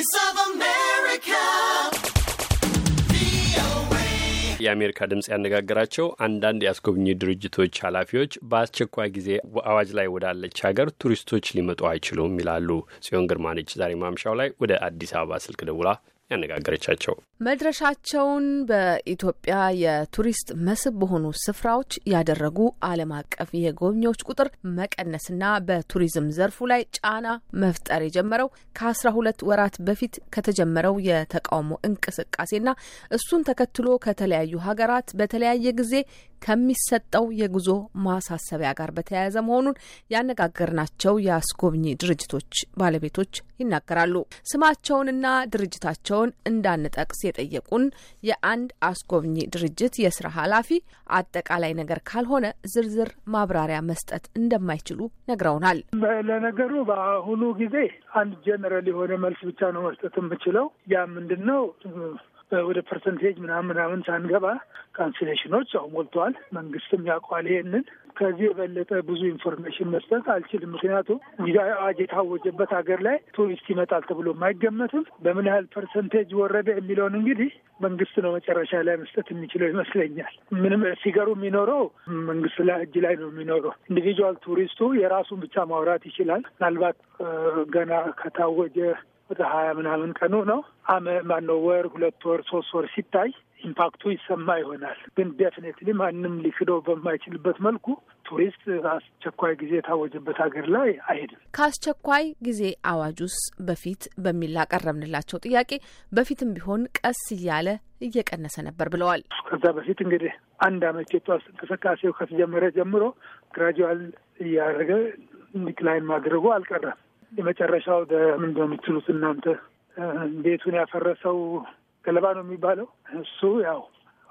Voice of America. የአሜሪካ ድምፅ ያነጋገራቸው አንዳንድ የአስጎብኚ ድርጅቶች ኃላፊዎች በአስቸኳይ ጊዜ አዋጅ ላይ ወዳለች ሀገር ቱሪስቶች ሊመጡ አይችሉም ይላሉ። ጽዮን ግርማ ነች ዛሬ ማምሻው ላይ ወደ አዲስ አበባ ስልክ ደውላ ያነጋገረቻቸው። መድረሻቸውን በኢትዮጵያ የቱሪስት መስህብ በሆኑ ስፍራዎች ያደረጉ ዓለም አቀፍ የጎብኚዎች ቁጥር መቀነስና በቱሪዝም ዘርፉ ላይ ጫና መፍጠር የጀመረው ከአስራ ሁለት ወራት በፊት ከተጀመረው የተቃውሞ እንቅስቃሴና እሱን ተከትሎ ከተለያዩ ሀገራት በተለያየ ጊዜ ከሚሰጠው የጉዞ ማሳሰቢያ ጋር በተያያዘ መሆኑን ያነጋገርናቸው የአስጎብኚ ድርጅቶች ባለቤቶች ይናገራሉ። ስማቸውንና ድርጅታቸውን እንዳንጠቅስ የጠየቁን የአንድ አስጎብኚ ድርጅት የስራ ኃላፊ አጠቃላይ ነገር ካልሆነ ዝርዝር ማብራሪያ መስጠት እንደማይችሉ ነግረውናል። ለነገሩ በአሁኑ ጊዜ አንድ ጀነራል የሆነ መልስ ብቻ ነው መስጠት የምችለው። ያ ምንድን ነው ወደ ፐርሰንቴጅ ምናምን ምናምን ሳንገባ ካንስሌሽኖች ያው ሞልተዋል። መንግስትም ያውቀዋል ይሄንን። ከዚህ የበለጠ ብዙ ኢንፎርሜሽን መስጠት አልችልም። ምክንያቱም ጊዜያዊ አዋጅ የታወጀበት ሀገር ላይ ቱሪስት ይመጣል ተብሎ አይገመትም። በምን ያህል ፐርሰንቴጅ ወረደ የሚለውን እንግዲህ መንግስት ነው መጨረሻ ላይ መስጠት የሚችለው ይመስለኛል። ምንም ሲገሩ የሚኖረው መንግስት ላይ እጅ ላይ ነው የሚኖረው። ኢንዲቪጁዋል ቱሪስቱ የራሱን ብቻ ማውራት ይችላል። ምናልባት ገና ከታወጀ ወደ ሀያ ምናምን ቀኑ ነው አመ ማነው ወር ሁለት ወር ሶስት ወር ሲታይ ኢምፓክቱ ይሰማ ይሆናል። ግን ዴፊኔትሊ ማንም ሊክደው በማይችልበት መልኩ ቱሪስት አስቸኳይ ጊዜ የታወጀበት ሀገር ላይ አይሄድም። ከአስቸኳይ ጊዜ አዋጁስ በፊት በሚል ላቀረብንላቸው ጥያቄ በፊትም ቢሆን ቀስ እያለ እየቀነሰ ነበር ብለዋል። ከዛ በፊት እንግዲህ አንድ አመት የጧስ እንቅስቃሴው ከተጀመረ ጀምሮ ግራጁዋል እያደረገ ዲክላይን ማድረጉ አልቀረም። የመጨረሻው ምን ነው እናንተ? ቤቱን ያፈረሰው ገለባ ነው የሚባለው እሱ ያው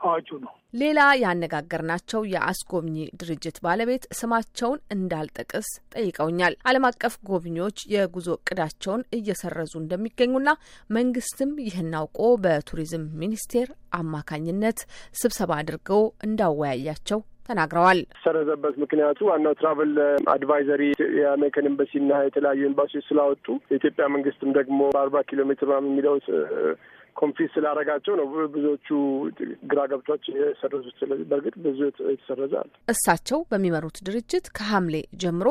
አዋጁ ነው። ሌላ ያነጋገርናቸው የአስጎብኚ ድርጅት ባለቤት ስማቸውን እንዳልጠቅስ ጠይቀውኛል። ዓለም አቀፍ ጎብኚዎች የጉዞ እቅዳቸውን እየሰረዙ እንደሚገኙና መንግስትም ይህን አውቆ በቱሪዝም ሚኒስቴር አማካኝነት ስብሰባ አድርገው እንዳወያያቸው ተናግረዋል። ሰረዘበት ምክንያቱ ዋናው ትራቨል አድቫይዘሪ የአሜሪካን ኤምባሲና የተለያዩ ኤምባሲዎች ስላወጡ የኢትዮጵያ መንግስትም ደግሞ በአርባ ኪሎ ሜትር የሚለው ኮንፊዝ ስላደረጋቸው ነው ብዙዎቹ ግራ ገብቷቸው የሰረዙት። ስለዚህ በእርግጥ ብዙ የተሰረዘ አለ። እሳቸው በሚመሩት ድርጅት ከሐምሌ ጀምሮ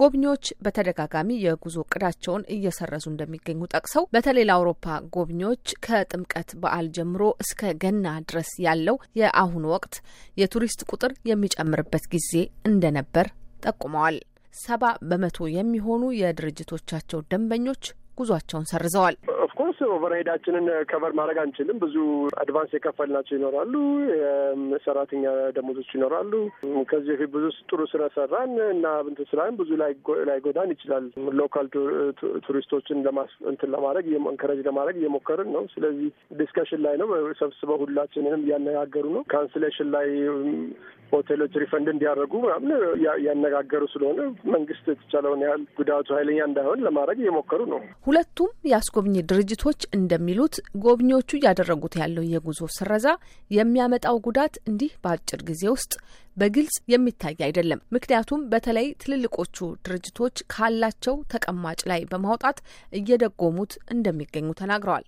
ጎብኚዎች በተደጋጋሚ የጉዞ እቅዳቸውን እየሰረዙ እንደሚገኙ ጠቅሰው በተለይ ለአውሮፓ ጎብኚዎች ከጥምቀት በዓል ጀምሮ እስከ ገና ድረስ ያለው የአሁኑ ወቅት የቱሪስት ቁጥር የሚጨምርበት ጊዜ እንደነበር ጠቁመዋል። ሰባ በመቶ የሚሆኑ የድርጅቶቻቸው ደንበኞች ጉዟቸውን ሰርዘዋል። ኦፍኮርስ ኦቨርሄዳችንን ከቨር ማድረግ አንችልም። ብዙ አድቫንስ የከፈልናቸው ይኖራሉ፣ ሰራተኛ ደሞዞች ይኖራሉ። ከዚህ በፊት ብዙ ጥሩ ስለሰራን እና ብንት ስላን ብዙ ላይጎዳን ይችላል። ሎካል ቱሪስቶችን እንትን ለማድረግ እንከረጅ ለማድረግ እየሞከርን ነው። ስለዚህ ዲስከሽን ላይ ነው። ሰብስበው ሁላችንንም እያነጋገሩ ነው። ካንስሌሽን ላይ ሆቴሎች ሪፈንድ እንዲያደርጉ ምናምን ያነጋገሩ ስለሆነ መንግስት የተቻለውን ያህል ጉዳቱ ኃይለኛ እንዳይሆን ለማድረግ እየሞከሩ ነው። ሁለቱም የአስጎብኚ ድርጅቶች እንደሚሉት ጎብኚዎቹ እያደረጉት ያለው የጉዞ ስረዛ የሚያመጣው ጉዳት እንዲህ በአጭር ጊዜ ውስጥ በግልጽ የሚታይ አይደለም። ምክንያቱም በተለይ ትልልቆቹ ድርጅቶች ካላቸው ተቀማጭ ላይ በማውጣት እየደጎሙት እንደሚገኙ ተናግረዋል።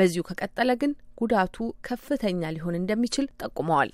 በዚሁ ከቀጠለ ግን ጉዳቱ ከፍተኛ ሊሆን እንደሚችል ጠቁመዋል።